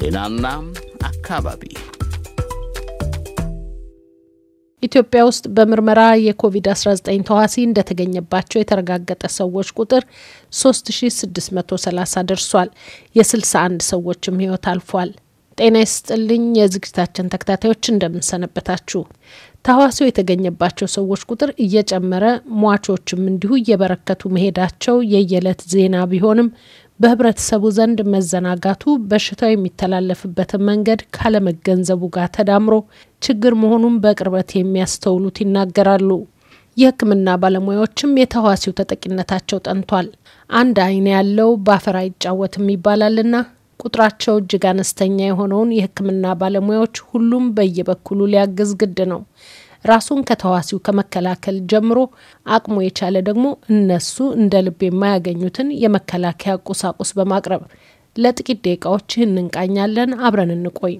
ጤናና አካባቢ ኢትዮጵያ ውስጥ በምርመራ የኮቪድ-19 ተዋሲ እንደተገኘባቸው የተረጋገጠ ሰዎች ቁጥር 3630 ደርሷል። የ61 ሰዎችም ሕይወት አልፏል። ጤና ይስጥልኝ የዝግጅታችን ተከታታዮች እንደምንሰነበታችሁ። ተህዋሲው የተገኘባቸው ሰዎች ቁጥር እየጨመረ ሟቾችም እንዲሁ እየበረከቱ መሄዳቸው የየዕለት ዜና ቢሆንም በህብረተሰቡ ዘንድ መዘናጋቱ በሽታው የሚተላለፍበትን መንገድ ካለመገንዘቡ ጋር ተዳምሮ ችግር መሆኑን በቅርበት የሚያስተውሉት ይናገራሉ። የሕክምና ባለሙያዎችም የተዋሲው ተጠቂነታቸው ጠንቷል። አንድ አይን ያለው በአፈር አይጫወትም ይባላልና ቁጥራቸው እጅግ አነስተኛ የሆነውን የሕክምና ባለሙያዎች ሁሉም በየበኩሉ ሊያግዝ ግድ ነው። ራሱን ከተዋሲው ከመከላከል ጀምሮ አቅሙ የቻለ ደግሞ እነሱ እንደ ልብ የማያገኙትን የመከላከያ ቁሳቁስ በማቅረብ ለጥቂት ደቂቃዎች ይህን እንቃኛለን። አብረን እንቆይ።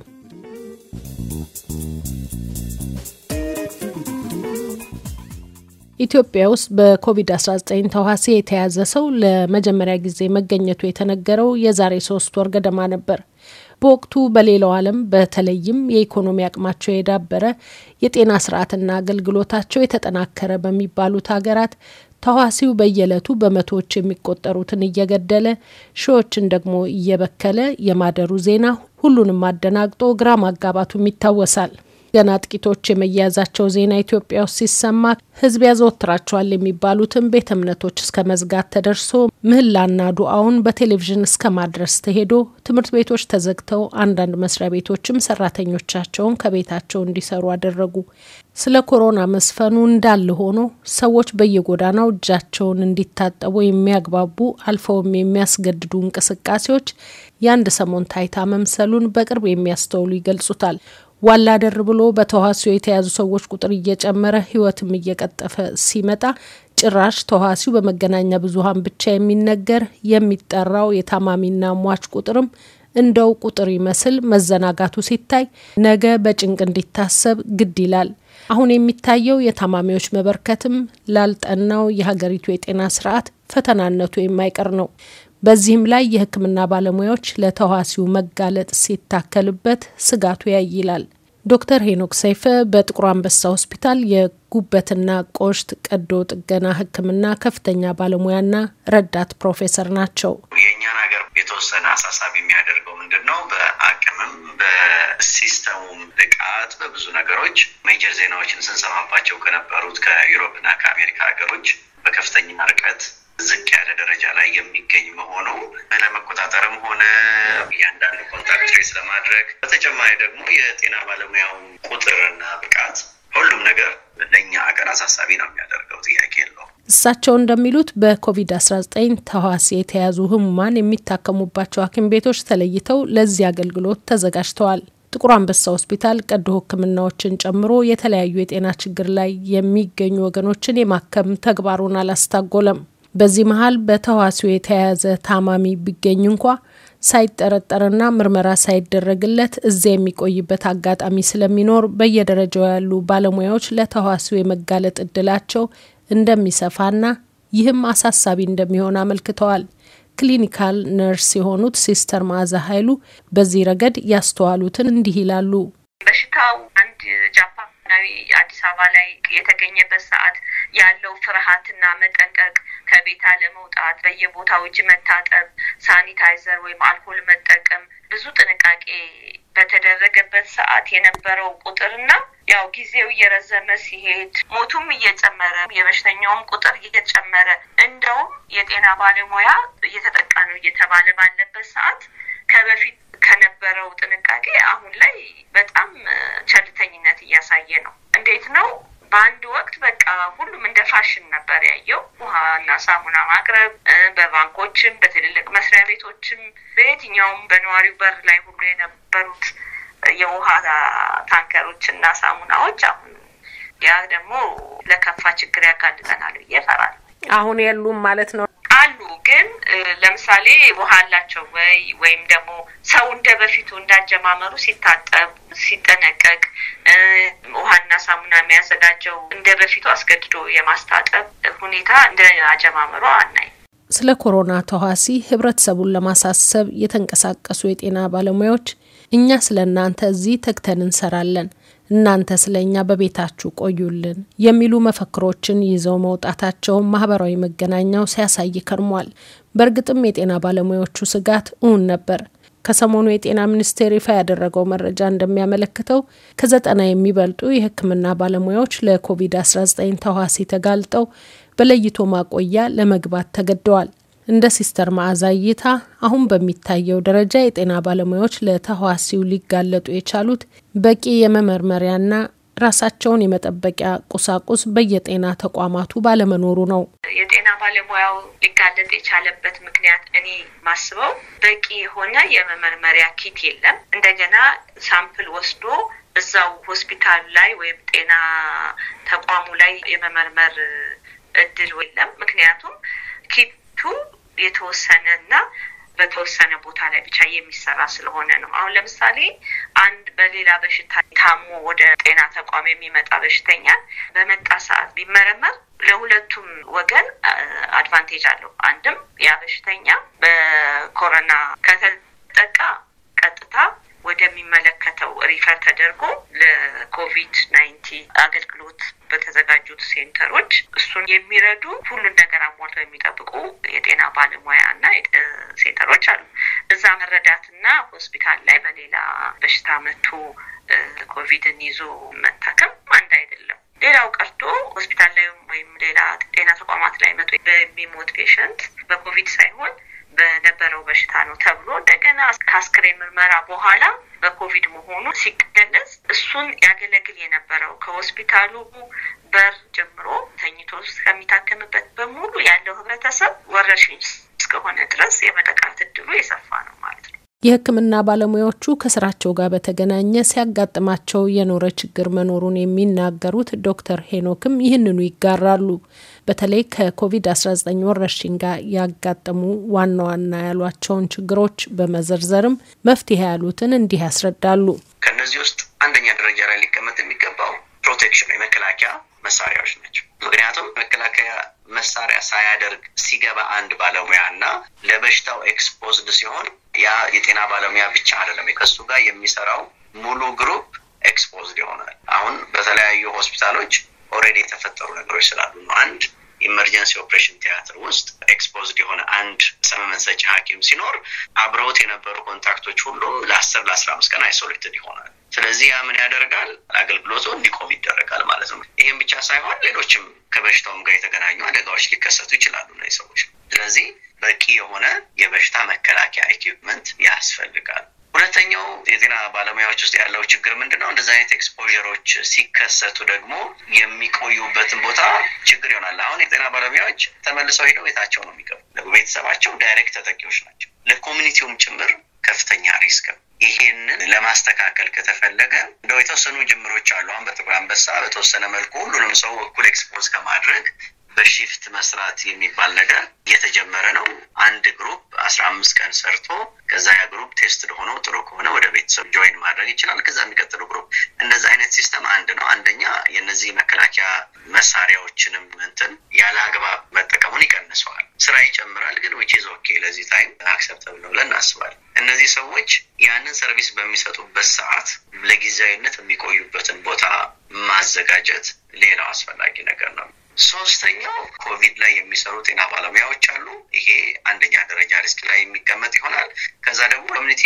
ኢትዮጵያ ውስጥ በኮቪድ-19 ተዋሲ የተያዘ ሰው ለመጀመሪያ ጊዜ መገኘቱ የተነገረው የዛሬ ሶስት ወር ገደማ ነበር። በወቅቱ በሌላው ዓለም በተለይም የኢኮኖሚ አቅማቸው የዳበረ የጤና ስርዓትና አገልግሎታቸው የተጠናከረ በሚባሉት ሀገራት ተዋሲው በየዕለቱ በመቶዎች የሚቆጠሩትን እየገደለ ሺዎችን ደግሞ እየበከለ የማደሩ ዜና ሁሉንም አደናግጦ ግራ ማጋባቱም ይታወሳል። ገና ጥቂቶች የመያዛቸው ዜና ኢትዮጵያ ውስጥ ሲሰማ ህዝብ ያዘወትራቸዋል የሚባሉትን ቤተ እምነቶች እስከ መዝጋት ተደርሶ ምህላና ዱአውን በቴሌቪዥን እስከ ማድረስ ተሄዶ ትምህርት ቤቶች ተዘግተው አንዳንድ መስሪያ ቤቶችም ሰራተኞቻቸውን ከቤታቸው እንዲሰሩ አደረጉ። ስለ ኮሮና መስፈኑ እንዳለ ሆኖ ሰዎች በየጎዳናው እጃቸውን እንዲታጠቡ የሚያግባቡ አልፈውም የሚያስገድዱ እንቅስቃሴዎች የአንድ ሰሞን ታይታ መምሰሉን በቅርብ የሚያስተውሉ ይገልጹታል። ዋላ ደር ብሎ በተዋሲው የተያዙ ሰዎች ቁጥር እየጨመረ ህይወትም እየቀጠፈ ሲመጣ ጭራሽ ተዋሲው በመገናኛ ብዙሀን ብቻ የሚነገር የሚጠራው የታማሚና ሟች ቁጥርም እንደው ቁጥር ይመስል መዘናጋቱ ሲታይ ነገ በጭንቅ እንዲታሰብ ግድ ይላል። አሁን የሚታየው የታማሚዎች መበርከትም ላልጠናው የሀገሪቱ የጤና ስርዓት ፈተናነቱ የማይቀር ነው። በዚህም ላይ የሕክምና ባለሙያዎች ለተዋሲው መጋለጥ ሲታከልበት ስጋቱ ያይላል። ዶክተር ሄኖክ ሰይፈ በጥቁር አንበሳ ሆስፒታል የጉበትና ቆሽት ቀዶ ጥገና ሕክምና ከፍተኛ ባለሙያና ረዳት ፕሮፌሰር ናቸው። የእኛን ሀገር የተወሰነ አሳሳቢ የሚያደርገው ምንድን ነው? በአቅምም በሲስተሙም ልቃት በብዙ ነገሮች ሜጀር ዜናዎችን ስንሰማባቸው ከነበሩት ከዩሮፕና ከአሜሪካ ሀገሮች በከፍተኛ ርቀት ዝቅ ያለ ደረጃ ላይ የሚገኝ መሆኑ ለመቆጣጠርም ሆነ እያንዳንዱ ኮንታክት ትሬስ ለማድረግ በተጨማሪ ደግሞ የጤና ባለሙያውን ቁጥርና ብቃት ሁሉም ነገር ለእኛ ሀገር አሳሳቢ ነው የሚያደርገው ጥያቄ የለው። እሳቸው እንደሚሉት በኮቪድ-19 ተዋሲ የተያዙ ህሙማን የሚታከሙባቸው ሐኪም ቤቶች ተለይተው ለዚህ አገልግሎት ተዘጋጅተዋል። ጥቁር አንበሳ ሆስፒታል ቀዶ ሕክምናዎችን ጨምሮ የተለያዩ የጤና ችግር ላይ የሚገኙ ወገኖችን የማከም ተግባሩን አላስታጎለም። በዚህ መሀል በተዋሲው የተያያዘ ታማሚ ቢገኝ እንኳ ሳይጠረጠርና ምርመራ ሳይደረግለት እዚያ የሚቆይበት አጋጣሚ ስለሚኖር በየደረጃው ያሉ ባለሙያዎች ለተዋሲው የመጋለጥ እድላቸው እንደሚሰፋና ይህም አሳሳቢ እንደሚሆን አመልክተዋል። ክሊኒካል ነርስ የሆኑት ሲስተር መዓዛ ኃይሉ በዚህ ረገድ ያስተዋሉትን እንዲህ ይላሉ። በሽታው አንድ ጃፓን ናዊ አዲስ አበባ ላይ የተገኘበት ሰዓት ያለው ፍርሃትና መጠንቀቅ፣ ከቤት አለመውጣት፣ በየቦታው እጅ መታጠብ፣ ሳኒታይዘር ወይም አልኮል መጠቀም፣ ብዙ ጥንቃቄ በተደረገበት ሰዓት የነበረው ቁጥርና ያው ጊዜው እየረዘመ ሲሄድ ሞቱም እየጨመረ የበሽተኛውም ቁጥር እየጨመረ እንደውም የጤና ባለሙያ እየተጠቃ ነው እየተባለ ባለበት ሰዓት ከበፊት ከነበረው ጥንቃቄ አሁን ላይ በጣም ቸልተኝነት እያሳየ ነው። እንዴት ነው? በአንድ ወቅት በቃ ሁሉም እንደ ፋሽን ነበር ያየው። ውሃና ሳሙና ማቅረብ በባንኮችም፣ በትልልቅ መስሪያ ቤቶችም፣ በየትኛውም በነዋሪው በር ላይ ሁሉ የነበሩት የውሃ ታንከሮች እና ሳሙናዎች አሁን ያ ደግሞ ለከፋ ችግር ያጋልጠናል ብዬ እፈራለሁ። አሁን የሉም ማለት ነው። አሉ። ግን ለምሳሌ ውሃ አላቸው ወይ ወይም ደግሞ ሰው እንደ በፊቱ እንዳጀማመሩ ሲታጠብ ሲጠነቀቅ ውሃና ሳሙና የሚያዘጋጀው እንደ በፊቱ አስገድዶ የማስታጠብ ሁኔታ እንደ አጀማመሩ አናይ። ስለ ኮሮና ተዋሲ ህብረተሰቡን ለማሳሰብ የተንቀሳቀሱ የጤና ባለሙያዎች እኛ ስለ እናንተ እዚህ ተግተን እንሰራለን እናንተ ስለኛ በቤታችሁ ቆዩልን የሚሉ መፈክሮችን ይዘው መውጣታቸውን ማህበራዊ መገናኛው ሲያሳይ ከርሟል። በእርግጥም የጤና ባለሙያዎቹ ስጋት እውን ነበር። ከሰሞኑ የጤና ሚኒስቴር ይፋ ያደረገው መረጃ እንደሚያመለክተው ከዘጠና የሚበልጡ የሕክምና ባለሙያዎች ለኮቪድ-19 ተዋሲ ተጋልጠው በለይቶ ማቆያ ለመግባት ተገደዋል። እንደ ሲስተር መዓዛ እይታ አሁን በሚታየው ደረጃ የጤና ባለሙያዎች ለተህዋሲው ሊጋለጡ የቻሉት በቂ የመመርመሪያና ራሳቸውን የመጠበቂያ ቁሳቁስ በየጤና ተቋማቱ ባለመኖሩ ነው። የጤና ባለሙያው ሊጋለጥ የቻለበት ምክንያት እኔ ማስበው በቂ የሆነ የመመርመሪያ ኪት የለም። እንደገና ሳምፕል ወስዶ እዛው ሆስፒታል ላይ ወይም ጤና ተቋሙ ላይ የመመርመር እድል የለም። ምክንያቱም ኪት የተወሰነ እና በተወሰነ ቦታ ላይ ብቻ የሚሰራ ስለሆነ ነው። አሁን ለምሳሌ አንድ በሌላ በሽታ ታሞ ወደ ጤና ተቋም የሚመጣ በሽተኛ በመጣ ሰዓት ቢመረመር ለሁለቱም ወገን አድቫንቴጅ አለው። አንድም ያ በሽተኛ በኮሮና ከተጠቃ ቀጥታ ወደሚመለከተው ሪፈር ተደርጎ የኮቪድ ናይንቲን አገልግሎት በተዘጋጁት ሴንተሮች እሱን የሚረዱ ሁሉን ነገር አሟልተው የሚጠብቁ የጤና ባለሙያ እና ሴንተሮች አሉ። እዛ መረዳትና ሆስፒታል ላይ በሌላ በሽታ መጥቶ ኮቪድን ይዞ መታከም አንድ አይደለም። ሌላው ቀርቶ ሆስፒታል ላይ ወይም ሌላ ጤና ተቋማት ላይ መቶ በሚሞት ፔሸንት በኮቪድ ሳይሆን በነበረው በሽታ ነው ተብሎ እንደገና ከአስክሬን ምርመራ በኋላ በኮቪድ መሆኑ ሲገለጽ እሱን ያገለግል የነበረው ከሆስፒታሉ በር ጀምሮ ተኝቶ እስከሚታከምበት በሙሉ ያለው ህብረተሰብ ወረርሽኝ እስከሆነ ድረስ የመጠቃት እድሉ የሰፋ ነው ማለት ነው። የሕክምና ባለሙያዎቹ ከስራቸው ጋር በተገናኘ ሲያጋጥማቸው የኖረ ችግር መኖሩን የሚናገሩት ዶክተር ሄኖክም ይህንኑ ይጋራሉ። በተለይ ከኮቪድ-19 ወረርሽኝ ጋር ያጋጠሙ ዋና ዋና ያሏቸውን ችግሮች በመዘርዘርም መፍትሄ ያሉትን እንዲህ ያስረዳሉ። ከእነዚህ ውስጥ አንደኛ ደረጃ ላይ ሊቀመጥ የሚገባው ፕሮቴክሽን የመከላከያ መሳሪያዎች ናቸው። ምክንያቱም መከላከያ መሳሪያ ሳያደርግ ሲገባ አንድ ባለሙያ እና ለበሽታው ኤክስፖዝድ ሲሆን ያ የጤና ባለሙያ ብቻ አይደለም፣ ከሱ ጋር የሚሰራው ሙሉ ግሩፕ ኤክስፖዝድ ይሆናል። አሁን በተለያዩ ሆስፒታሎች ኦሬዲ የተፈጠሩ ነገሮች ስላሉ ነው። አንድ ኢመርጀንሲ ኦፕሬሽን ቲያትር ውስጥ ኤክስፖዝ የሆነ አንድ ሰመመን ሰጪ ሲኖር አብረውት የነበሩ ኮንታክቶች ሁሉም ለአስር ለአስራ አምስት ቀን አይሶሌትድ ይሆናል። ስለዚህ ያ ምን ያደርጋል? አገልግሎቱ እንዲቆም ይደረጋል ማለት ነው። ይህም ብቻ ሳይሆን ሌሎችም ከበሽታውም ጋር የተገናኙ አደጋዎች ሊከሰቱ ይችላሉ ነ ሰዎች ስለዚህ በቂ የሆነ የበሽታ መከላከያ ኢኩፕመንት ያስፈልጋል። ሁለተኛው የጤና ባለሙያዎች ውስጥ ያለው ችግር ምንድን ነው? እንደዚህ አይነት ኤክስፖሮች ሲከሰቱ ደግሞ የሚቆዩበትን ቦታ ችግር ይሆናል። አሁን የጤና ባለሙያዎች ተመልሰው ሄደው ቤታቸው ነው የሚገቡ። ቤተሰባቸው ዳይሬክት ተጠቂዎች ናቸው። ለኮሚኒቲውም ጭምር ከፍተኛ ሪስክ ነው። ይሄንን ለማስተካከል ከተፈለገ እንደው የተወሰኑ ጅምሮች አሉ። አሁን በጥቁር አንበሳ በተወሰነ መልኩ ሁሉንም ሰው እኩል ኤክስፖዝ ከማድረግ በሺፍት መስራት የሚባል ነገር እየተጀመረ ነው። አንድ ግሩፕ አስራ አምስት ቀን ሰርቶ ከዛ ያ ግሩፕ ቴስት ሆኖ ጥሩ ከሆነ ወደ ቤተሰብ ጆይን ማድረግ ይችላል። ከዛ የሚቀጥሉ ግሩፕ እንደዚ አይነት ሲስተም አንድ ነው። አንደኛ የነዚህ መከላከያ መሳሪያዎችንም እንትን ያለ አግባብ መጠቀሙን ይቀንሰዋል። ስራ ይጨምራል። ግን ዊች ኢዝ ኦኬ ለዚህ ታይም አክሰፕተብል ነው ብለን እናስባለን። እነዚህ ሰዎች ያንን ሰርቪስ በሚሰጡበት ሰዓት ለጊዜያዊነት የሚቆዩበትን ቦታ ማዘጋጀት ሌላው አስፈላጊ ነገር ነው። ሶስተኛው ኮቪድ ላይ የሚሰሩ ጤና ባለሙያዎች አሉ። ይሄ አንደኛ ደረጃ ሪስክ ላይ የሚቀመጥ ይሆናል። ከዛ ደግሞ ኮሚኒቲ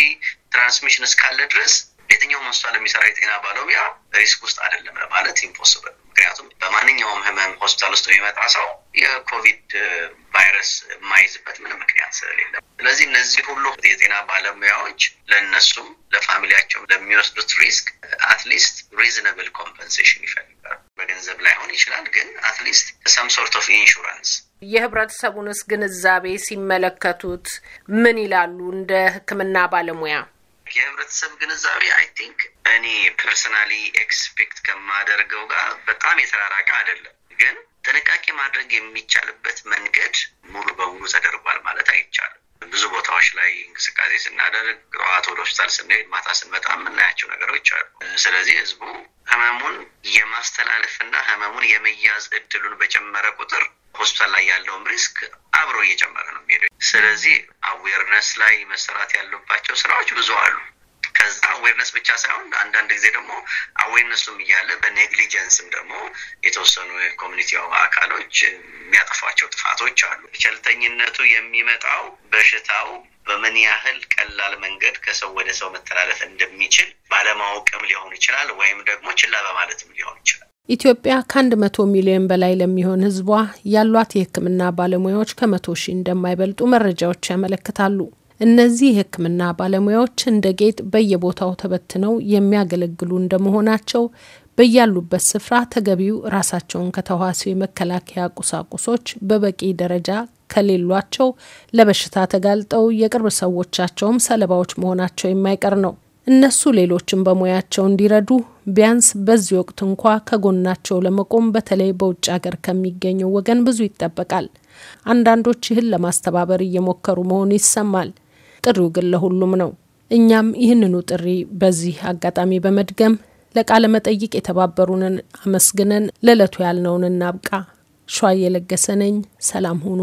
ትራንስሚሽን እስካለ ድረስ የትኛውም ሆስፒታል የሚሰራ የጤና ባለሙያ ሪስክ ውስጥ አይደለም ለማለት ኢምፖስብል። ምክንያቱም በማንኛውም ህመም ሆስፒታል ውስጥ የሚመጣ ሰው የኮቪድ ቫይረስ የማይዝበት ምንም ምክንያት ስለሌለ፣ ስለዚህ እነዚህ ሁሉ የጤና ባለሙያዎች ለእነሱም ለፋሚሊያቸውም ለሚወስዱት ሪስክ አትሊስት ሪዝነብል ኮምፐንሴሽን ይፈልጋል። ገንዘብ ላይሆን ይችላል፣ ግን አትሊስት ሰም ሶርት ኦፍ ኢንሹራንስ። የህብረተሰቡንስ ግንዛቤ ሲመለከቱት ምን ይላሉ? እንደ ህክምና ባለሙያ የህብረተሰብ ግንዛቤ አይ ቲንክ እኔ ፐርሰናሊ ኤክስፔክት ከማደርገው ጋር በጣም የተራራቀ አይደለም፣ ግን ጥንቃቄ ማድረግ የሚቻልበት መንገድ ሙሉ በሙሉ ተደርጓል ማለት አይቻልም። ብዙ ቦታዎች ላይ እንቅስቃሴ ስናደርግ ጠዋት ወደ ሆስፒታል ስንሄድ ማታ ስንመጣ የምናያቸው ነገሮች አሉ። ስለዚህ ህዝቡ ህመሙን የማስተላለፍና ህመሙን የመያዝ እድሉን በጨመረ ቁጥር ሆስፒታል ላይ ያለውም ሪስክ አብሮ እየጨመረ ነው የሚሄደው። ስለዚህ አዌርነስ ላይ መሰራት ያሉባቸው ስራዎች ብዙ አሉ። ከዛ አዌርነስ ብቻ ሳይሆን አንዳንድ ጊዜ ደግሞ አዌርነሱም እያለ በኔግሊጀንስም ደግሞ የተወሰኑ የኮሚኒቲ አካሎች የሚያጠፏቸው ጥፋቶች አሉ። ቸልተኝነቱ የሚመጣው በሽታው በምን ያህል ቀላል መንገድ ከሰው ወደ ሰው መተላለፍ እንደሚችል ባለማወቅም ሊሆን ይችላል፣ ወይም ደግሞ ችላ በማለትም ሊሆን ይችላል። ኢትዮጵያ ከአንድ መቶ ሚሊዮን በላይ ለሚሆን ህዝቧ ያሏት የሕክምና ባለሙያዎች ከመቶ ሺህ እንደማይበልጡ መረጃዎች ያመለክታሉ። እነዚህ የሕክምና ባለሙያዎች እንደ ጌጥ በየቦታው ተበትነው የሚያገለግሉ እንደመሆናቸው በያሉበት ስፍራ ተገቢው ራሳቸውን ከተዋሲው የመከላከያ ቁሳቁሶች በበቂ ደረጃ ከሌሏቸው ለበሽታ ተጋልጠው የቅርብ ሰዎቻቸውም ሰለባዎች መሆናቸው የማይቀር ነው። እነሱ ሌሎችን በሙያቸው እንዲረዱ ቢያንስ በዚህ ወቅት እንኳ ከጎናቸው ለመቆም በተለይ በውጭ ሀገር ከሚገኘው ወገን ብዙ ይጠበቃል። አንዳንዶች ይህን ለማስተባበር እየሞከሩ መሆኑ ይሰማል። ጥሪው ግን ለሁሉም ነው። እኛም ይህንኑ ጥሪ በዚህ አጋጣሚ በመድገም ለቃለ መጠይቅ የተባበሩንን አመስግነን ለዕለቱ ያልነውን እናብቃ። ሸዋ እየለገሰ ነኝ። ሰላም ሁኑ።